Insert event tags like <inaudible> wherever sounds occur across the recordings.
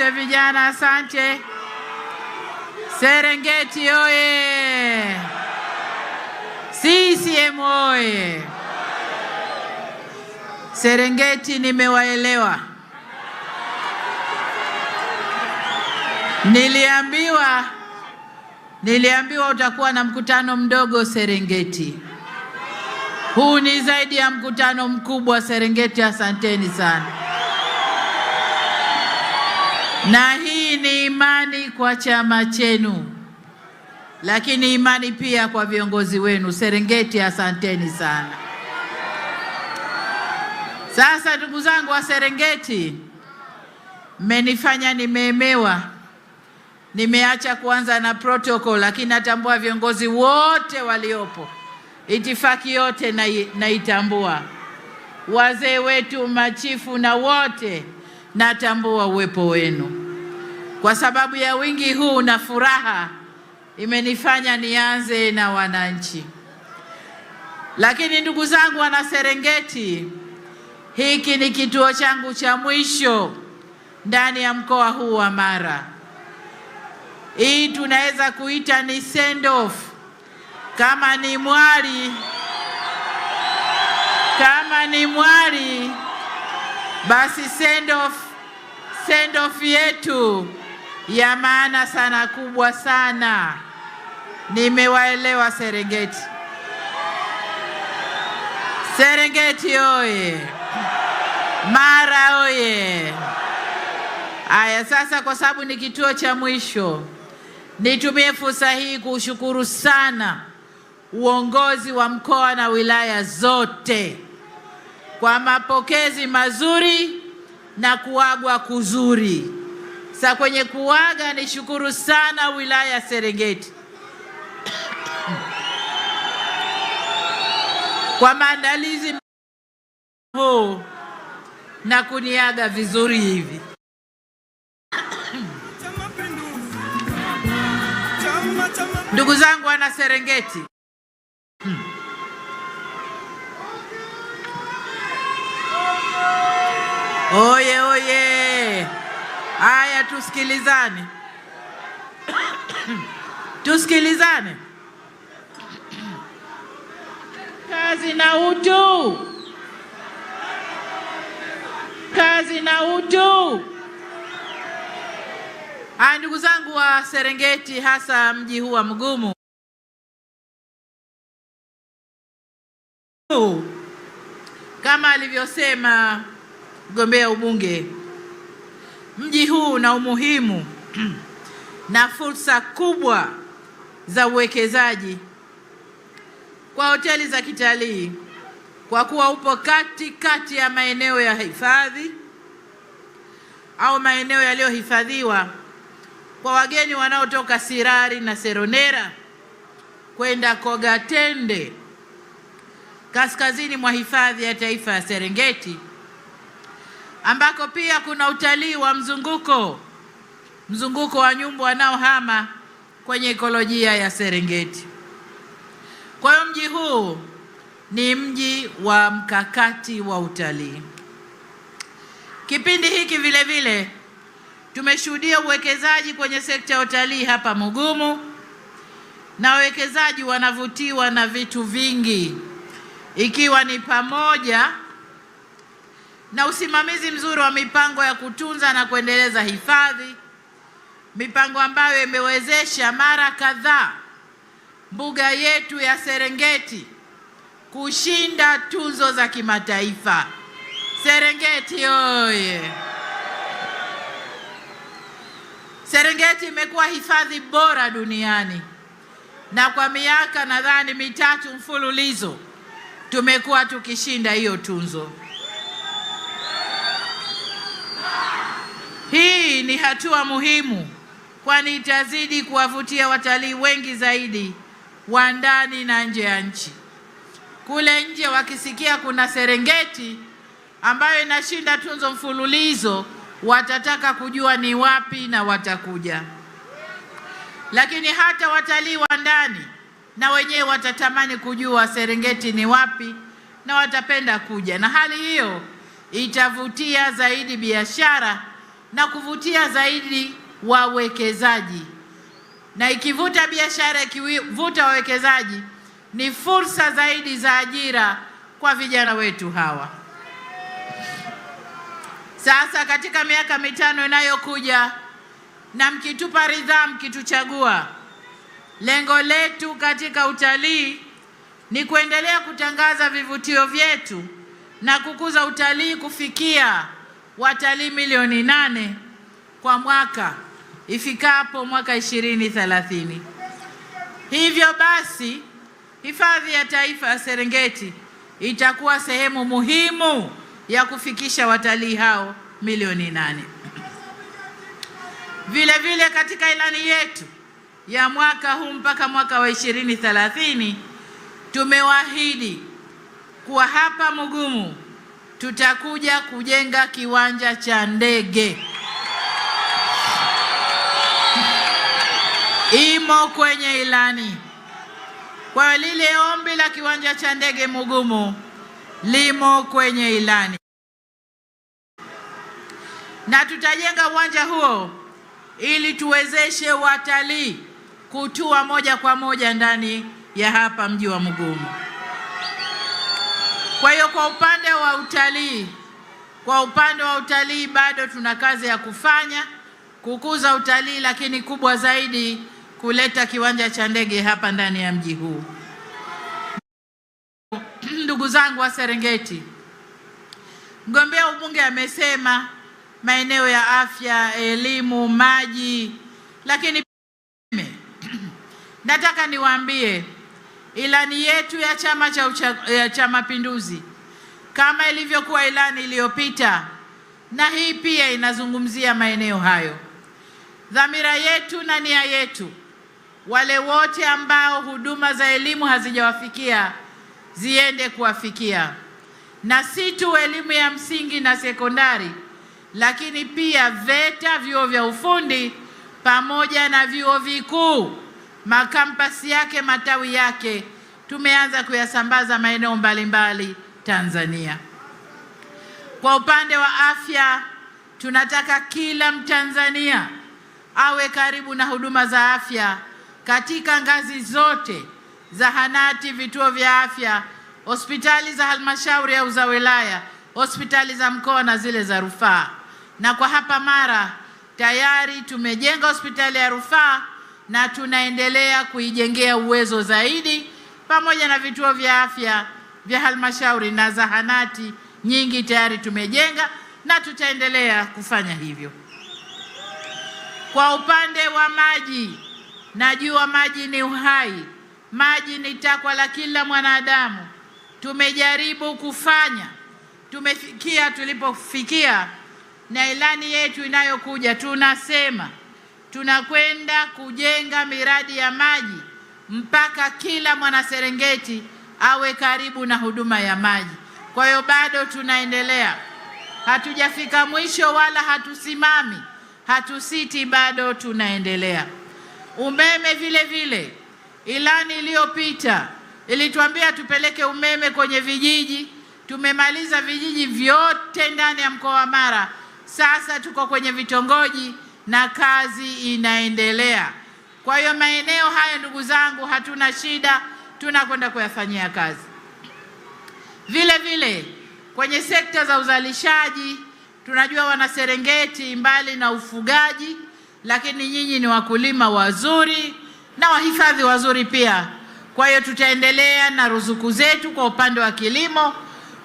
Asante vijana, asante Serengeti oye! CCM oye! Serengeti nimewaelewa. Niliambiwa, niliambiwa utakuwa na mkutano mdogo Serengeti. Huu ni zaidi ya mkutano mkubwa Serengeti. Asanteni sana na hii ni imani kwa chama chenu, lakini imani pia kwa viongozi wenu Serengeti. Asanteni sana. Sasa ndugu zangu wa Serengeti, mmenifanya nimeemewa. Nimeacha kuanza na protocol, lakini natambua viongozi wote waliopo, itifaki yote naitambua, wazee wetu, machifu na wote natambua uwepo wenu. Kwa sababu ya wingi huu na furaha, imenifanya nianze na wananchi. Lakini ndugu zangu wana Serengeti, hiki ni kituo changu cha mwisho ndani ya mkoa huu wa Mara. Hii tunaweza kuita ni send off, kama ni mwali, kama ni mwali basi send off, send off yetu ya maana sana kubwa sana. Nimewaelewa Serengeti. Serengeti oye! Mara oye! Aya, sasa kwa sababu ni kituo cha mwisho, nitumie fursa hii kuushukuru sana uongozi wa mkoa na wilaya zote kwa mapokezi mazuri na kuagwa kuzuri. Sa kwenye kuaga, nishukuru sana wilaya ya Serengeti kwa maandalizi huu na kuniaga vizuri hivi. Ndugu zangu wana Serengeti Oye oye! Haya, tusikilizane <coughs> tusikilizane. Kazi na utu, kazi na utu. Haya, ndugu zangu wa Serengeti, hasa mji huu wa mgumu kama alivyosema mgombea ubunge. Mji huu una umuhimu <clears throat> na fursa kubwa za uwekezaji kwa hoteli za kitalii kwa kuwa upo kati kati ya maeneo ya hifadhi au maeneo yaliyohifadhiwa kwa wageni wanaotoka Sirari na Seronera kwenda Kogatende kaskazini mwa hifadhi ya taifa ya Serengeti ambako pia kuna utalii wa mzunguko, mzunguko wa nyumbu wanaohama kwenye ekolojia ya Serengeti. Kwa hiyo mji huu ni mji wa mkakati wa utalii. Kipindi hiki vile vile tumeshuhudia uwekezaji kwenye sekta ya utalii hapa Mugumu, na wawekezaji wanavutiwa na vitu vingi, ikiwa ni pamoja na usimamizi mzuri wa mipango ya kutunza na kuendeleza hifadhi, mipango ambayo imewezesha mara kadhaa mbuga yetu ya Serengeti kushinda tuzo za kimataifa. Serengeti oye! Serengeti imekuwa hifadhi bora duniani na kwa miaka nadhani mitatu mfululizo tumekuwa tukishinda hiyo tunzo. Hii ni hatua muhimu, kwani itazidi kuwavutia watalii wengi zaidi wa ndani na nje ya nchi. Kule nje wakisikia kuna Serengeti ambayo inashinda tunzo mfululizo, watataka kujua ni wapi na watakuja. Lakini hata watalii wa ndani na wenyewe watatamani kujua Serengeti ni wapi na watapenda kuja, na hali hiyo itavutia zaidi biashara na kuvutia zaidi wawekezaji, na ikivuta biashara, ikivuta wawekezaji, ni fursa zaidi za ajira kwa vijana wetu hawa. Sasa katika miaka mitano inayokuja, na mkitupa ridhaa, mkituchagua, lengo letu katika utalii ni kuendelea kutangaza vivutio vyetu na kukuza utalii kufikia watalii milioni nane kwa mwaka ifikapo mwaka ishirini thelathini. Hivyo basi hifadhi ya taifa ya Serengeti itakuwa sehemu muhimu ya kufikisha watalii hao milioni nane. Vile vile katika ilani yetu ya mwaka huu mpaka mwaka wa ishirini thelathini tumewaahidi kuwa hapa Mugumu tutakuja kujenga kiwanja cha ndege imo kwenye ilani. Kwa lile ombi la kiwanja cha ndege Mugumu limo kwenye ilani, na tutajenga uwanja huo ili tuwezeshe watalii kutua moja kwa moja ndani ya hapa mji wa Mugumu kwa upande wa utalii, kwa upande wa utalii bado tuna kazi ya kufanya kukuza utalii, lakini kubwa zaidi kuleta kiwanja cha ndege hapa ndani ya mji huu. <clears throat> Ndugu zangu wa Serengeti, mgombea ubunge amesema maeneo ya afya, elimu, maji, lakini <clears throat> nataka niwaambie ilani yetu ya Chama cha Mapinduzi kama ilivyokuwa ilani iliyopita, na hii pia inazungumzia maeneo hayo. Dhamira yetu na nia yetu, wale wote ambao huduma za elimu hazijawafikia ziende kuwafikia, na si tu elimu ya msingi na sekondari, lakini pia VETA, vyuo vya ufundi pamoja na vyuo vikuu, makampasi yake, matawi yake, tumeanza kuyasambaza maeneo mbalimbali. Tanzania. Kwa upande wa afya, tunataka kila Mtanzania awe karibu na huduma za afya katika ngazi zote, zahanati, vituo vya afya, hospitali za halmashauri au za wilaya, hospitali za mkoa na zile za rufaa. Na kwa hapa Mara tayari tumejenga hospitali ya rufaa na tunaendelea kuijengea uwezo zaidi pamoja na vituo vya afya vya halmashauri na zahanati nyingi tayari tumejenga na tutaendelea kufanya hivyo. Kwa upande wa maji, najua maji ni uhai, maji ni takwa la kila mwanadamu. Tumejaribu kufanya, tumefikia tulipofikia, na ilani yetu inayokuja tunasema tunakwenda kujenga miradi ya maji mpaka kila Mwanaserengeti awe karibu na huduma ya maji. Kwa hiyo bado tunaendelea, hatujafika mwisho wala hatusimami, hatusiti, bado tunaendelea. Umeme vile vile, ilani iliyopita ilituambia tupeleke umeme kwenye vijiji. Tumemaliza vijiji vyote ndani ya mkoa wa Mara, sasa tuko kwenye vitongoji na kazi inaendelea. Kwa hiyo maeneo haya, ndugu zangu, hatuna shida tunakwenda kuyafanyia kazi. Vile vile kwenye sekta za uzalishaji tunajua wana serengeti mbali na ufugaji, lakini nyinyi ni wakulima wazuri na wahifadhi wazuri pia. Kwa hiyo tutaendelea na ruzuku zetu kwa upande wa kilimo,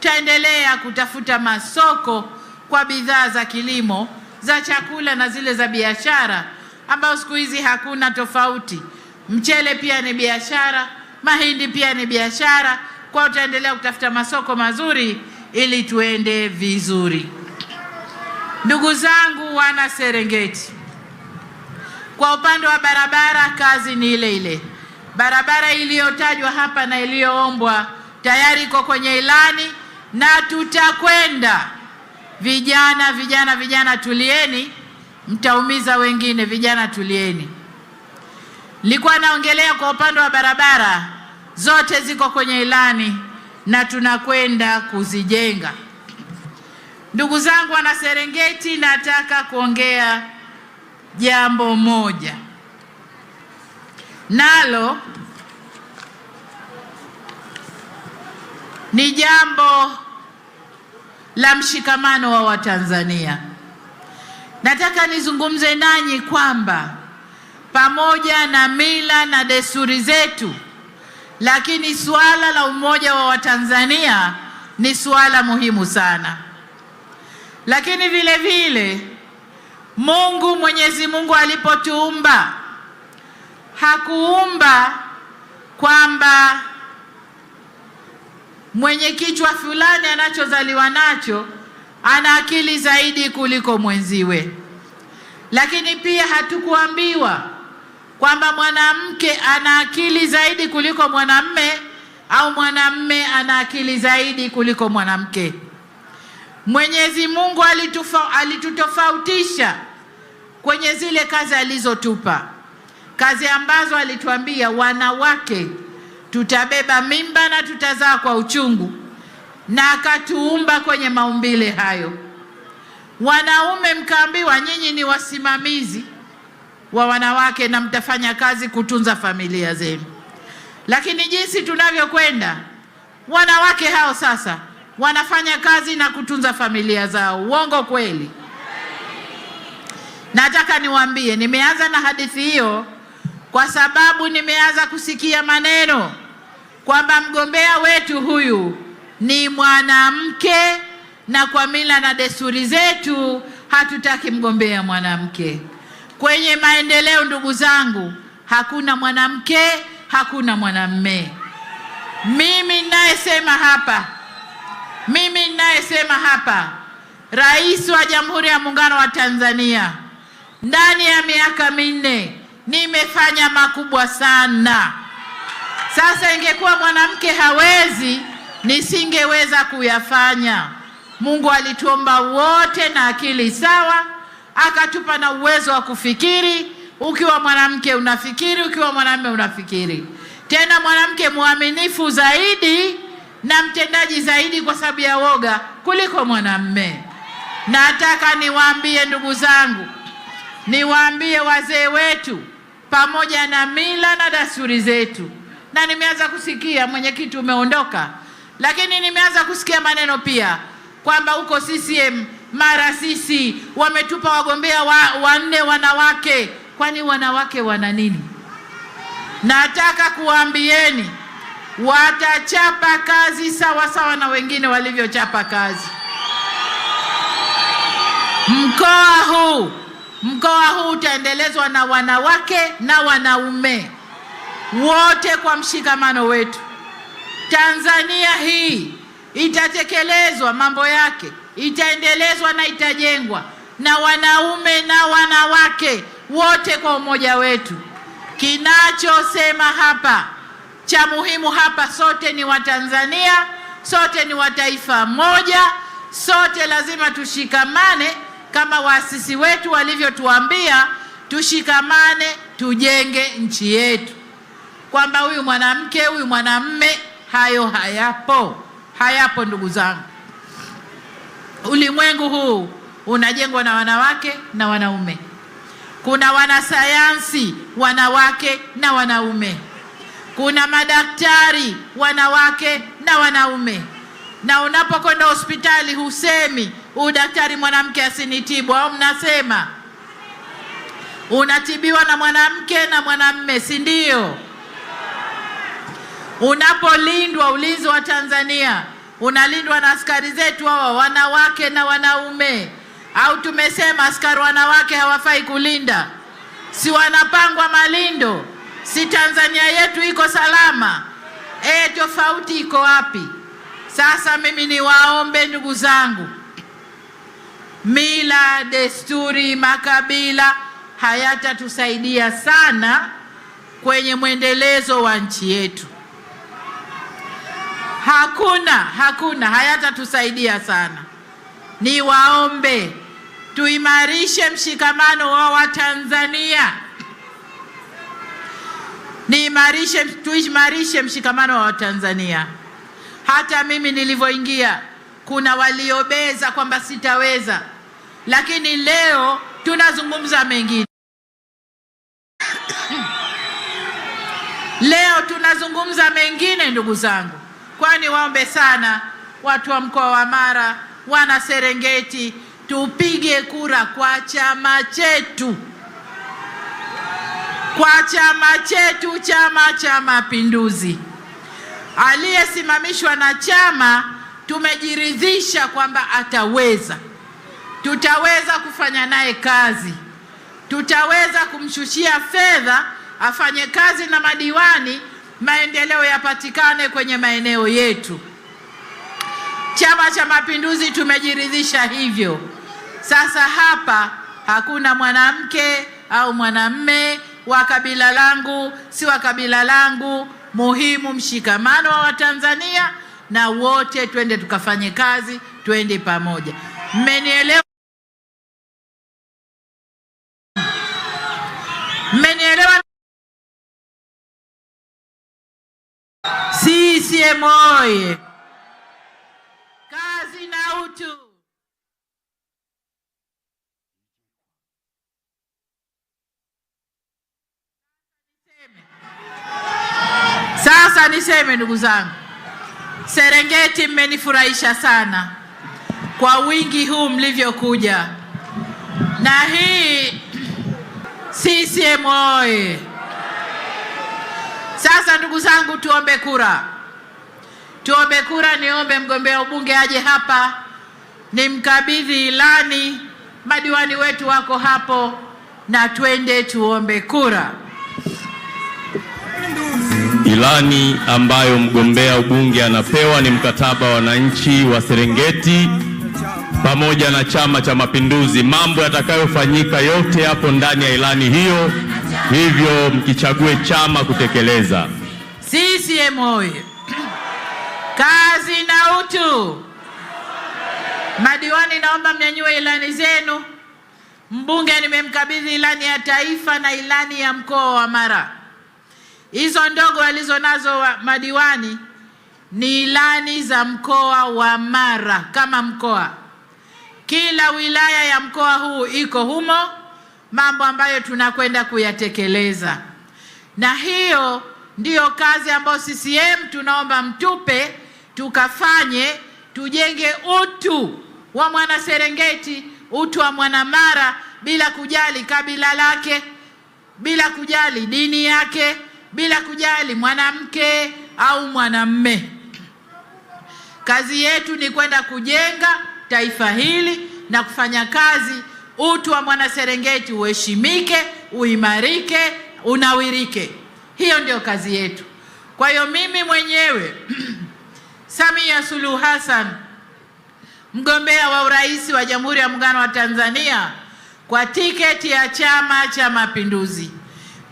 tutaendelea kutafuta masoko kwa bidhaa za kilimo za chakula na zile za biashara, ambayo siku hizi hakuna tofauti. Mchele pia ni biashara mahindi pia ni biashara, kwa tutaendelea kutafuta masoko mazuri ili tuende vizuri. Ndugu zangu wana Serengeti, kwa upande wa barabara kazi ni ile ile. Barabara iliyotajwa hapa na iliyoombwa tayari iko kwenye ilani na tutakwenda. Vijana, vijana, vijana, tulieni, mtaumiza wengine. Vijana tulieni. Nilikuwa naongelea kwa upande wa barabara zote ziko kwenye ilani na tunakwenda kuzijenga. Ndugu zangu wana Serengeti, nataka kuongea jambo moja, nalo ni jambo la mshikamano wa Watanzania. Nataka nizungumze nanyi kwamba pamoja na mila na desturi zetu lakini suala la umoja wa Watanzania ni suala muhimu sana. Lakini vile vile Mungu Mwenyezi Mungu alipotuumba hakuumba kwamba mwenye kichwa fulani anachozaliwa nacho ana akili zaidi kuliko mwenziwe, lakini pia hatukuambiwa kwamba mwanamke ana akili zaidi kuliko mwanamme au mwanamme ana akili zaidi kuliko mwanamke. Mwenyezi Mungu alitufa, alitutofautisha kwenye zile kazi alizotupa, kazi ambazo alituambia wanawake tutabeba mimba na tutazaa kwa uchungu, na akatuumba kwenye maumbile hayo. Wanaume mkaambiwa nyinyi ni wasimamizi wa wanawake na mtafanya kazi kutunza familia zenu. Lakini jinsi tunavyokwenda, wanawake hao sasa wanafanya kazi na kutunza familia zao. Uongo kweli? Nataka niwaambie, nimeanza na hadithi hiyo kwa sababu nimeanza kusikia maneno kwamba mgombea wetu huyu ni mwanamke, na kwa mila na desturi zetu hatutaki mgombea mwanamke. Kwenye maendeleo, ndugu zangu, hakuna mwanamke, hakuna mwanamme. Mimi ninayesema hapa, mimi ninayesema hapa, Rais wa Jamhuri ya Muungano wa Tanzania, ndani ya miaka minne nimefanya makubwa sana. Sasa ingekuwa mwanamke hawezi, nisingeweza kuyafanya. Mungu alituomba wote na akili sawa akatupa na uwezo wa kufikiri. Ukiwa mwanamke unafikiri, ukiwa mwanamume unafikiri. Tena mwanamke mwaminifu zaidi na mtendaji zaidi kwa sababu ya woga kuliko mwanamume. Nataka niwaambie ndugu zangu, niwaambie wazee wetu, pamoja na mila na dasturi zetu, na nimeanza kusikia, mwenyekiti umeondoka, lakini nimeanza kusikia maneno pia kwamba huko CCM mara sisi wametupa wagombea wanne wanawake. Kwani wanawake wana nini? Nataka kuwaambieni watachapa kazi sawa sawa na wengine walivyochapa kazi. Mkoa huu mkoa huu utaendelezwa na wanawake na wanaume wote kwa mshikamano wetu. Tanzania hii itatekelezwa mambo yake itaendelezwa na itajengwa na wanaume na wanawake wote kwa umoja wetu. Kinachosema hapa cha muhimu hapa, sote ni Watanzania, sote ni wa taifa moja, sote lazima tushikamane kama waasisi wetu walivyotuambia, tushikamane, tujenge nchi yetu, kwamba huyu mwanamke, huyu mwanamme, hayo hayapo, hayapo ndugu zangu ulimwengu huu unajengwa na wanawake na wanaume. Kuna wanasayansi wanawake na wanaume, kuna madaktari wanawake na wanaume. Na unapokwenda hospitali husemi huu daktari mwanamke asinitibu, au mnasema? Unatibiwa na mwanamke na mwanamme, si ndio? Unapolindwa ulinzi wa Tanzania unalindwa na askari zetu hawa wanawake na wanaume, au tumesema askari wanawake hawafai kulinda? Si wanapangwa malindo? Si Tanzania yetu iko salama? E, tofauti iko wapi? Sasa mimi niwaombe ndugu zangu, mila, desturi, makabila hayatatusaidia sana kwenye mwendelezo wa nchi yetu hakuna hakuna, hayatatusaidia sana. Niwaombe tuimarishe mshikamano wa Watanzania, niimarishe, tuimarishe mshikamano wa Watanzania. Hata mimi nilivyoingia, kuna waliobeza kwamba sitaweza, lakini leo tunazungumza mengine leo tunazungumza mengine, ndugu zangu kwani waombe sana watu wa mkoa wa Mara, wana Serengeti, tupige kura kwa chama chetu, kwa chama chetu, Chama cha Mapinduzi. Aliyesimamishwa na chama tumejiridhisha kwamba ataweza, tutaweza kufanya naye kazi, tutaweza kumshushia fedha afanye kazi na madiwani maendeleo yapatikane kwenye maeneo yetu. Chama cha Mapinduzi tumejiridhisha hivyo. Sasa hapa hakuna mwanamke au mwanamme wa kabila langu, si wa kabila langu. Muhimu mshikamano wa Watanzania na wote twende tukafanye kazi, twende pamoja. Mmenielewa? Mmenielewa? CCM oye! Kazi na utu. Sasa niseme ndugu zangu, Serengeti mmenifurahisha sana kwa wingi huu mlivyokuja, na hii CCM oye! Sasa ndugu zangu, tuombe kura tuombe kura. Niombe mgombea ubunge aje hapa nimkabidhi ilani, madiwani wetu wako hapo, na twende tuombe kura. Ilani ambayo mgombea ubunge anapewa ni mkataba wa wananchi wa Serengeti pamoja na Chama cha Mapinduzi. Mambo yatakayofanyika yote yapo ndani ya ilani hiyo, hivyo mkichague chama kutekeleza. CCM oye! kazi na utu. Madiwani, naomba mnyanyue ilani zenu. Mbunge nimemkabidhi ilani ya taifa na ilani ya mkoa wa Mara. Hizo ndogo walizo nazo wa madiwani ni ilani za mkoa wa Mara kama mkoa. Kila wilaya ya mkoa huu iko humo, mambo ambayo tunakwenda kuyatekeleza, na hiyo ndiyo kazi ambayo CCM tunaomba mtupe tukafanye, tujenge utu wa mwana Serengeti, utu wa mwana Mara, bila kujali kabila lake, bila kujali dini yake, bila kujali mwanamke au mwanamme. Kazi yetu ni kwenda kujenga taifa hili na kufanya kazi, utu wa mwana Serengeti uheshimike, uimarike, unawirike. Hiyo ndio kazi yetu. Kwa hiyo mimi mwenyewe <clears throat> Samia Suluhu Hassan, mgombea wa urais wa Jamhuri ya Muungano wa Tanzania kwa tiketi ya Chama cha Mapinduzi,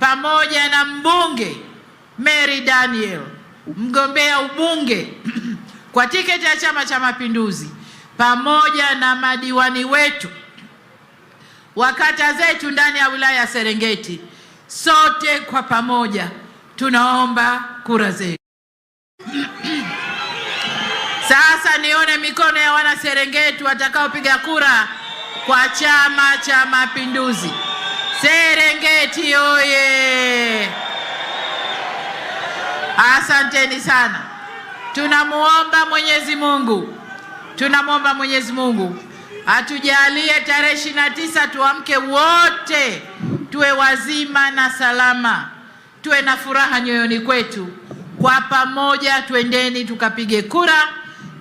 pamoja na mbunge Mary Daniel, mgombea ubunge <clears throat> kwa tiketi ya Chama cha Mapinduzi, pamoja na madiwani wetu wa kata zetu ndani ya wilaya ya Serengeti, sote kwa pamoja tunaomba kura zetu. <clears throat> Sasa nione mikono ya wana Serengeti watakaopiga kura kwa Chama cha Mapinduzi. Serengeti oye! Asanteni sana. Tunamuomba Mwenyezi Mungu, tunamwomba Mwenyezi Mungu atujalie tarehe ishirini na tisa tuamke wote, tuwe wazima na salama, tuwe na furaha nyoyoni kwetu. Kwa pamoja, twendeni tukapige kura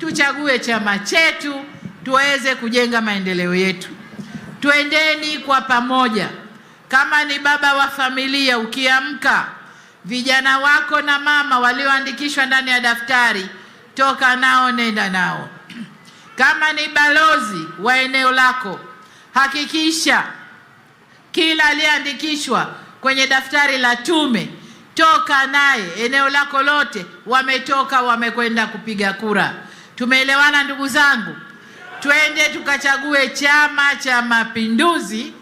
tuchague chama chetu tuweze kujenga maendeleo yetu. Twendeni kwa pamoja, kama ni baba wa familia, ukiamka vijana wako na mama walioandikishwa ndani ya daftari, toka nao, nenda nao. Kama ni balozi wa eneo lako, hakikisha kila aliyeandikishwa kwenye daftari la tume, toka naye eneo lako lote, wametoka wamekwenda kupiga kura. Tumeelewana ndugu zangu? Twende tukachague Chama cha Mapinduzi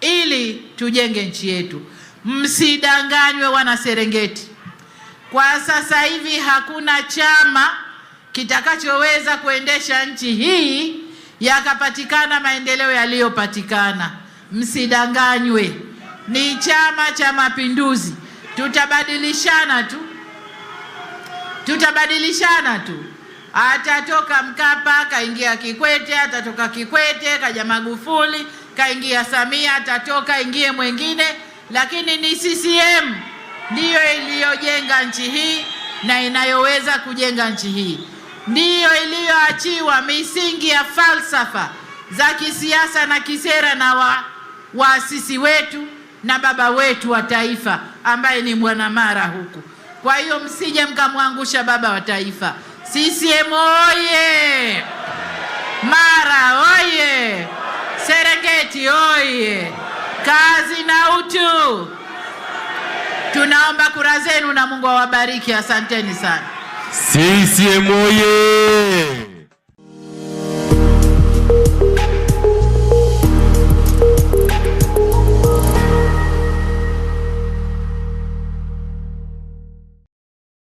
ili tujenge nchi yetu. Msidanganywe wana Serengeti, kwa sasa hivi hakuna chama kitakachoweza kuendesha nchi hii yakapatikana maendeleo yaliyopatikana. Msidanganywe, ni Chama cha Mapinduzi. Tutabadilishana tu, tutabadilishana tu. Atatoka Mkapa kaingia Kikwete, atatoka Kikwete kaja Magufuli, kaingia Samia, atatoka ingie mwingine, lakini ni CCM ndiyo iliyojenga nchi hii na inayoweza kujenga nchi hii, ndiyo iliyoachiwa misingi ya falsafa za kisiasa na kisera na waasisi wetu na baba wetu wa taifa ambaye ni Mwanamara huku. Kwa hiyo msije mkamwangusha baba wa taifa. CCM oye! Mara oye! Serengeti oye! Kazi na utu. Tunaomba kura zenu na Mungu awabariki. Asanteni sana. CCM oye!